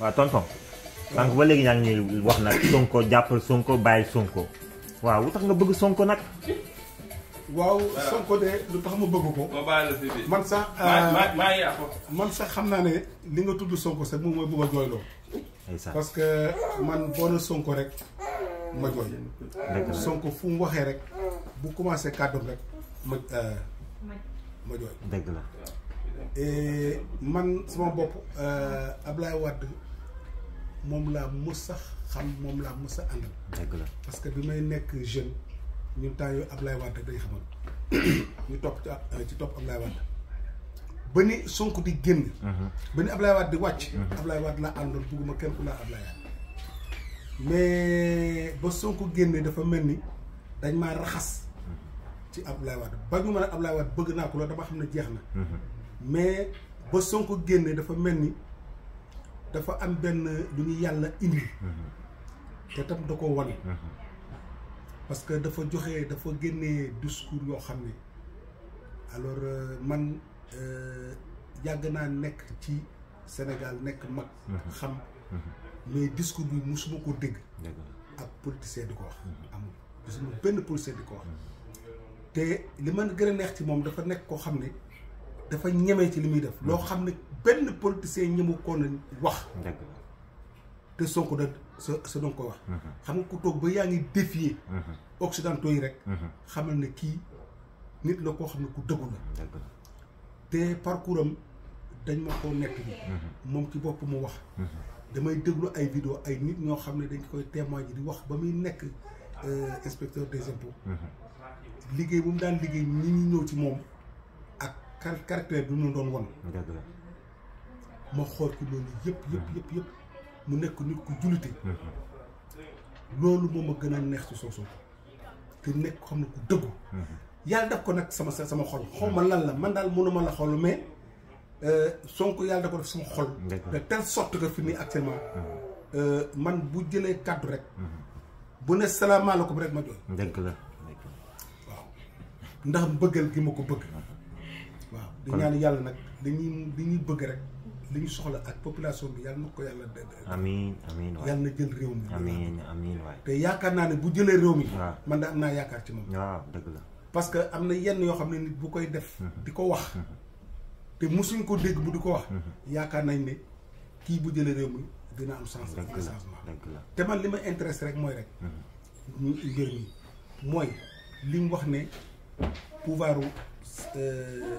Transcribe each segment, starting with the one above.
waaw tonton. sànq ba léegi ngi ñuy wax nag Sonko jàppal Sonko bàyyi Sonko nga bëgg Sonko Sonko de lu tax ma bëgg ko. man euh, man li nga Sonko sax parce que man Sonko rek ma Sonko fu rek bu rek ma euh, ma la. man sama euh, mom la mës xam mom la mës andal deug la parce que bi may nekk jeune ñu tayu ablay wad Wade dañ xamoon ñu topp ci euh, top ablay wad bani sonku di genn mhm. ba ni Ablaye Wade di wacc mhm. ablay wad la andal buguma kenn ku ablay wad mais ba Sonko génnee dafa melni dañ ma raxas ci ablay wad ba ñu mën ablay wad bëgg na ko loolu dafa xam ne jeex na mhm. mais ba Sonko génnee dafa melni dafa am benn lu ñu yàlla indi te tam da ko wane parce que dafa joxe dafa génnee discours yoo xam ne alors euh, man euh, yàgg naa nekk ci Sénégal nekk mag xam mais discours bi musuma ko dégg ak politicien di ko wax amul musuma benn politicien di ko wax te li man gën a neex ci moom dafa nekk koo xam ne dafa ñëmé ci limuy def lo xamné ne benn politicien ñëmu ko na wax dëgg te Sonko da sa sa ko wax mhm. xam nga ku tok ba yaangi défier mhm. occidentaux yi rek mhm. xamal ne ki nit la ko xamné ku dëggu la te parcours dañ ma koo nekk ni mom ci bop mu wax damay déglu ay vidéo ay nit ñoo xamné dañ koy témoigner di wax ba muy nekk euh, inspecteur des impôts liggéey bu mu daan liggéey ñi ñu ñëw ci moom car caractère bi mu doon won ma xool ci loolu yëpp yëpp hmm. yëpp yëpp mu nekk nit ku jullite hmm. loolu moom ma gën a neex ci soosu te nekk xam ne ku dëggu hmm. yàlla def ko nag sama sama xol xaw ma lan la man daal mënuma la xol mais euh, Sonko yàlla da ko def sama xol de telle sorte que fi nii actuellement euh, man bu jëlee kàddu rek bu ne salaamaaleykum rek ma jooy dëgg la waaw ndax mbëggal gi ma ko bëgg di ñaan yàlla nag dañuy li ñuy bëgg rek li ñu soxla ak population bi yàlla na ko yàlla dégg. amiin amiin waay yàlla na jël réew mi. amiin amiin waay. te yaakaar naa ne bu jëlee réew mi. man de am naa yaakaar ci moom. waaw dëgg la. parce que am na yenn yoo xam ne nit bu koy def. Mhm. di ko wax. Mhm. te mosuñ ko dégg bu di ko wax. Mhm. yaakaar nañ ne kii bu jëlee réew mi dina am sens. dëgg la dëgg la te man li ma intéresse rek mooy rek. ñu mbir mi mooy li mu wax ne pouvoiru. Euh,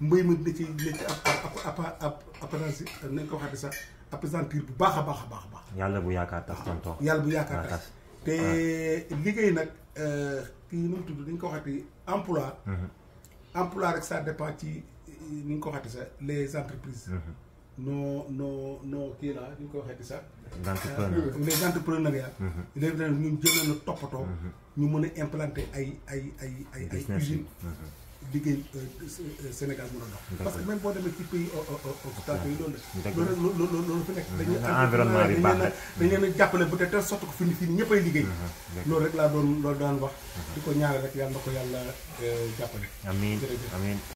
mbéy ma dina ci dina ci ab ab apparence nañ ko waxati sax appesantir bu baax a baax baax. yàlla bu yaakaar tas tonton yàlla bu yaakaar tas te liggéey nag euh, kii nu mu tudd dañ ko waxati emploi mhm. emploi rek ça dépend ci ni ñu ko waxati sax les entreprises. non mhm. non non kii naa ni ñu ko waxati sax. entrepreneur les entrepreneurs. Euh, léegi nag mhm. ñun jël na toppatoo. ñu mën a implanter ay ay ay ay ay usines. liggéey euh, Sénégal mën a dox. parce que même boo demee ci pays euh, euh, occidentaux yi loolu la. loolu loolu fi nekk. dañuy environnement bi baax dañu leen a jàppale bu dee telle sorte que fi ñëpp ay liggéey. loolu rek laa doon loolu daan wax. di ko ñaare rek yàlla na ko yàlla jàppale. amiin amiin